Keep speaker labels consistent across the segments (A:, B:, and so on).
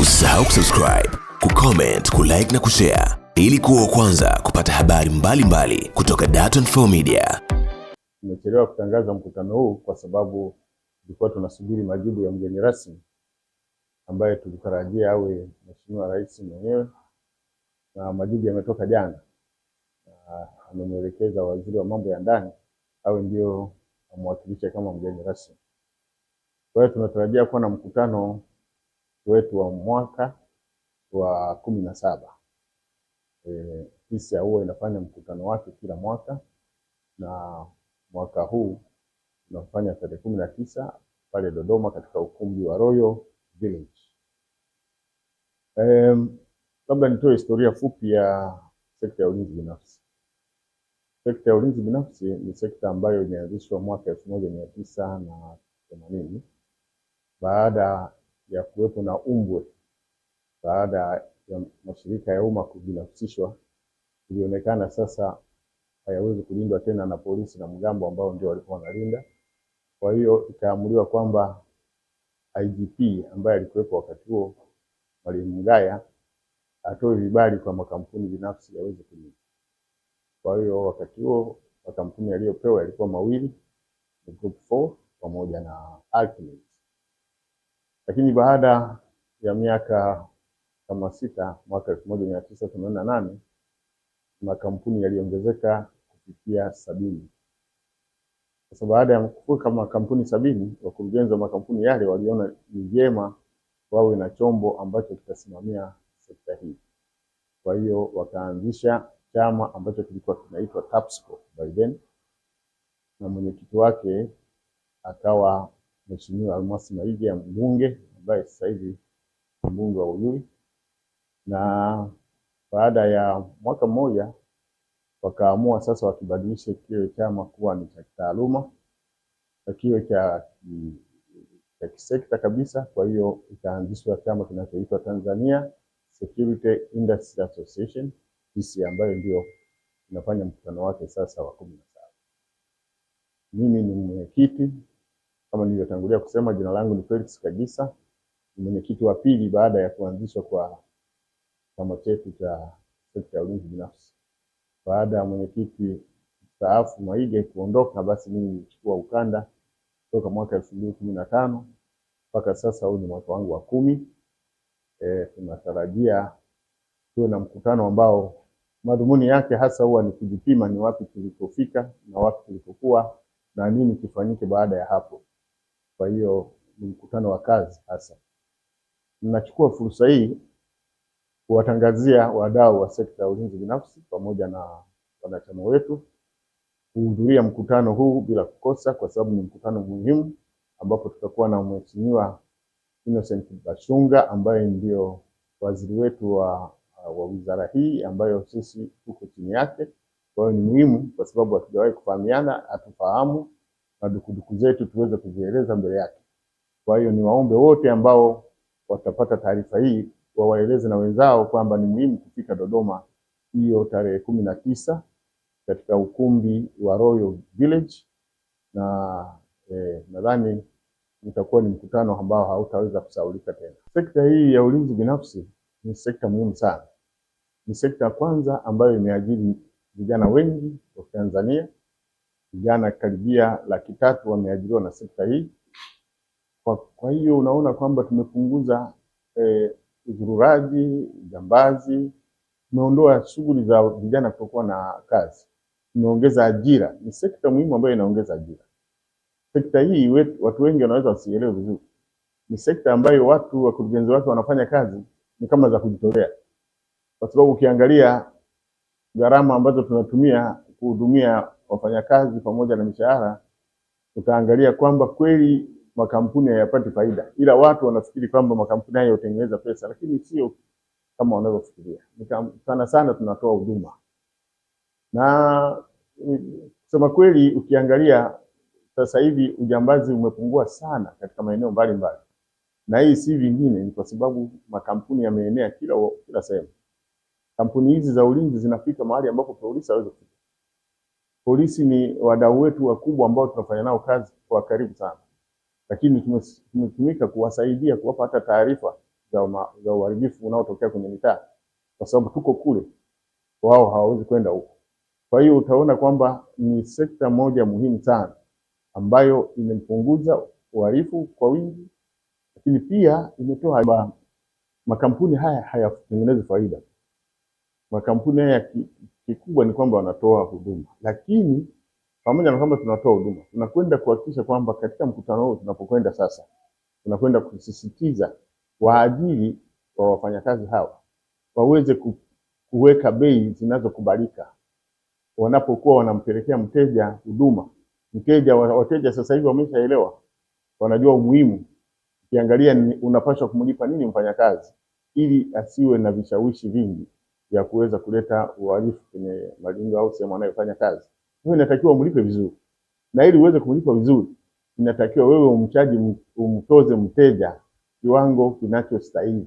A: Usisahau kusubscribe, kucomment, kulike na kushare ili kuwa kwanza kupata habari mbalimbali mbali kutoka Dar24 Media. Tumechelewa kutangaza mkutano huu kwa sababu tulikuwa tunasubiri majibu ya mgeni rasmi ambaye tulitarajia awe Mheshimiwa Rais mwenyewe, na majibu yametoka jana. Amemwelekeza waziri wa mambo ya ndani awe ndio amwakilishe kama mgeni rasmi. Kwa hiyo tunatarajia kuwa na mkutano wetu wa mwaka wa kumi na saba. Hisia e, huwa inafanya mkutano wake kila mwaka na mwaka huu unafanya tarehe kumi na tisa pale Dodoma katika ukumbi wa Royal Village. E, labda um, nitoe historia fupi ya sekta ya ulinzi binafsi. Sekta ya ulinzi binafsi ni sekta ambayo imeanzishwa mwaka elfu moja mia tisa na themanini baada ya kuwepo na Umbwe baada ya mashirika ya umma kubinafsishwa, ilionekana sasa hayawezi kulindwa tena na polisi na mgambo ambao ndio walikuwa wanalinda. Kwa hiyo ikaamuliwa kwamba IGP ambaye alikuwepo wakati huo Mwalimu Mgaya atoe vibali kwa makampuni binafsi yaweze kulinda. Kwa hiyo wakati huo makampuni yaliyopewa yalikuwa mawili, Group 4 pamoja na Alchemy. Lakini baada ya miaka kama sita, mwaka elfu moja mia tisa themanini na nane makampuni yaliongezeka kufikia sabini. Sasa baada ya kufuka makampuni sabini, wakurugenzi wa makampuni yale waliona ni vyema wawe na chombo ambacho kitasimamia sekta hii. Kwa hiyo wakaanzisha chama ambacho kilikuwa kinaitwa TAPSCO by then, na mwenyekiti wake akawa Mheshimiwa Almasi Maige, mbunge ambaye sasa hivi mbunge wa Uyui, na baada ya mwaka mmoja wakaamua sasa wakibadilishe kile chama kuwa ni cha kitaaluma na kiwe cha cha kisekta kabisa. Kwa hiyo ikaanzishwa chama kinachoitwa Tanzania Security Industry Association TSI, ambayo ndio inafanya mkutano wake sasa wa kumi na saba. Mimi ni mwenyekiti kama nilivyotangulia kusema, jina langu ni Felix Kagisa, ni mwenyekiti wa pili baada ya kuanzishwa kwa chama chetu cha sekta ya ulinzi binafsi. Baada ya mwenyekiti mstaafu Maige kuondoka, basi mimi nilichukua ukanda toka mwaka elfu mbili kumi na tano mpaka sasa, huu ni mwaka wangu wa kumi. E, tunatarajia tuwe na mkutano ambao madhumuni yake hasa huwa ni kujipima ni wapi tulipofika na wapi tulipokuwa na nini kifanyike baada ya hapo. Kwa hiyo ni mkutano wa kazi hasa. Ninachukua fursa hii kuwatangazia wadau wa sekta ya ulinzi binafsi pamoja na wanachama wetu kuhudhuria mkutano huu bila kukosa, kwa sababu ni mkutano muhimu ambapo tutakuwa na mheshimiwa Innocent Bashunga ambaye ndio waziri wetu wa, wa wizara hii ambayo sisi tuko chini yake. Kwa hiyo ni muhimu kwa sababu hatujawahi kufahamiana, hatufahamu na dukuduku zetu tuweze kuzieleza mbele yake. Kwa hiyo waombe wote ambao watapata taarifa hii wawaeleze na wenzao kwamba ni muhimu kufika Dodoma hiyo tarehe kumi na tisa katika ukumbi wa Royal Village na eh, nadhani utakuwa ni mkutano ambao hautaweza kusahaulika tena. Sekta hii ya ulinzi binafsi ni sekta muhimu sana. Ni sekta ya kwanza ambayo imeajiri vijana wengi wa Tanzania vijana karibia laki tatu wameajiriwa na sekta hii. Kwa, kwa hiyo unaona kwamba tumepunguza eh, uzururaji, ujambazi, tumeondoa shughuli za vijana kutokuwa na kazi, tumeongeza ajira. Ni sekta muhimu ambayo inaongeza ajira. Sekta hii watu wengi wanaweza wasielewe vizuri. Ni sekta ambayo watu wakurugenzi wake wanafanya kazi ni kama za kujitolea, kwa sababu ukiangalia gharama ambazo tunatumia kuhudumia wafanyakazi pamoja na mishahara, tutaangalia kwamba kweli makampuni hayapati faida, ila watu wanafikiri kwamba makampuni hayo hutengeneza pesa, lakini sio kama wanavyofikiria. Sana sana tunatoa huduma na kusema kweli, ukiangalia sasa hivi ujambazi umepungua sana katika maeneo mbalimbali, na hii si vingine, ni kwa sababu makampuni yameenea kila kila sehemu. Kampuni hizi za ulinzi zinafika mahali ambapo polisi hawezi kufika polisi ni wadau wetu wakubwa ambao tunafanya nao kazi kwa karibu sana, lakini tumetumika kuwasaidia kuwapa hata taarifa za uharibifu unaotokea kwenye mitaa, kwa sababu tuko kule, wao hawawezi kwenda huko. Kwa hiyo utaona kwamba ni sekta moja muhimu sana ambayo imepunguza uharifu kwa wingi, lakini pia imetoa makampuni haya hayatengenezi faida. Makampuni haya kikubwa ni kwamba wanatoa huduma, lakini pamoja na kwamba tunatoa huduma, tunakwenda kuhakikisha kwamba katika mkutano huu tunapokwenda sasa, tunakwenda kusisitiza waajiri wa wafanyakazi hawa waweze kuweka bei zinazokubalika wanapokuwa wanampelekea mteja huduma. Mteja, wateja sasa hivi wameshaelewa, wanajua umuhimu. Ukiangalia unapaswa kumlipa nini mfanyakazi, ili asiwe na vishawishi vingi ya kuweza kuleta uhalifu kwenye malingo au sehemu anayofanya kazi. Wewe inatakiwa umlipe vizuri, na ili uweze kumlipa vizuri, inatakiwa wewe umchaji, umtoze mteja kiwango kinachostahili.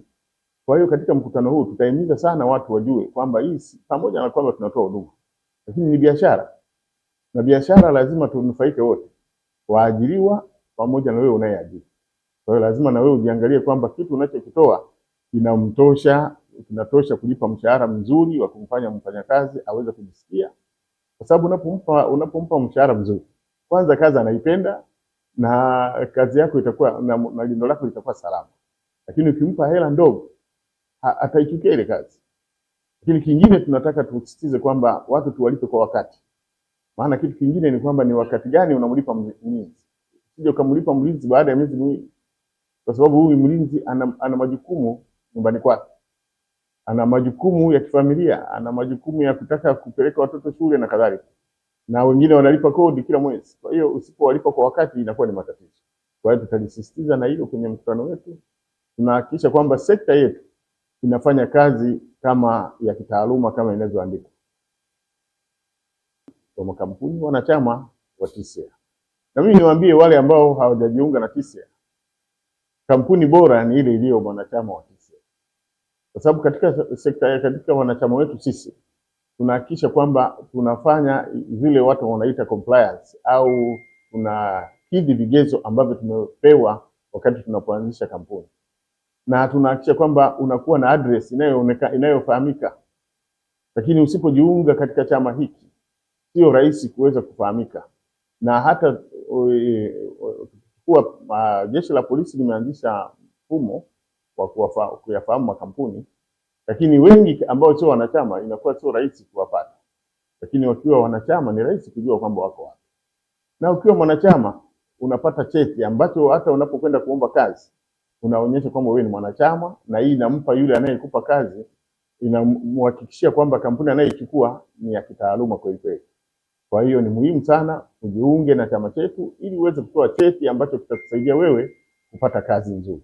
A: Kwa hiyo katika mkutano huu tutahimiza sana watu wajue kwamba hii pamoja na kwamba tunatoa huduma, lakini ni biashara, na biashara lazima tunufaike wote, waajiriwa pamoja na wewe unayeajiri. Kwa hiyo lazima na wewe ujiangalie kwamba kitu unachokitoa kinamtosha kinatosha kulipa mshahara mzuri wa kumfanya mfanyakazi aweze kujisikia, kwa sababu unapompa unapompa mshahara mzuri, kwanza kazi anaipenda na kazi yako itakuwa na, na lindo lako litakuwa salama, lakini ukimpa hela ndogo ataichukia ile kazi. Lakini kingine tunataka tusisitize kwamba watu tuwalipe kwa wakati, maana kitu kingine ni kwamba ni wakati gani unamlipa mlinzi. Usije ukamlipa mlinzi baada ya miezi miwili, kwa sababu huyu mlinzi ana, ana majukumu nyumbani kwake ana majukumu ya kifamilia, ana majukumu ya kutaka kupeleka watoto shule na kadhalika, na wengine wanalipa kodi kila mwezi. Kwa hiyo usipowalipa kwa wakati inakuwa ni matatizo. Kwa hiyo tutalisisitiza na hilo kwenye mkutano wetu, tunahakikisha kwamba sekta yetu inafanya kazi kama ya kitaaluma kama inavyoandikwa kwa makampuni wanachama wa TCEA. Na mimi niwaambie wale ambao hawajajiunga na TCEA, kampuni bora ni ile iliyo mwanachama wa kwa sababu katika sekta, katika wanachama wetu sisi tunahakikisha kwamba tunafanya zile watu wanaita compliance au tunakidhi vigezo ambavyo tumepewa wakati tunapoanzisha kampuni, na tunahakikisha kwamba unakuwa na address inayoonekana inayofahamika. Lakini usipojiunga katika chama hiki, sio rahisi kuweza kufahamika, na hata eh, eh, kuwa ah, jeshi la polisi limeanzisha mfumo kwa kuyafahamu makampuni, lakini wengi ambao sio wanachama inakuwa sio rahisi kuwapata, lakini wakiwa wanachama ni rahisi kujua kwamba wako wapi. Na ukiwa mwanachama unapata cheti ambacho hata unapokwenda kuomba kazi unaonyesha kwamba wewe ni mwanachama, na hii inampa yule anayekupa kazi, inamhakikishia kwamba kampuni anayechukua ni ya kitaaluma kweli kweli. Kwa hiyo ni muhimu sana ujiunge na chama chetu ili uweze kutoa cheti ambacho kitakusaidia wewe kupata kazi nzuri.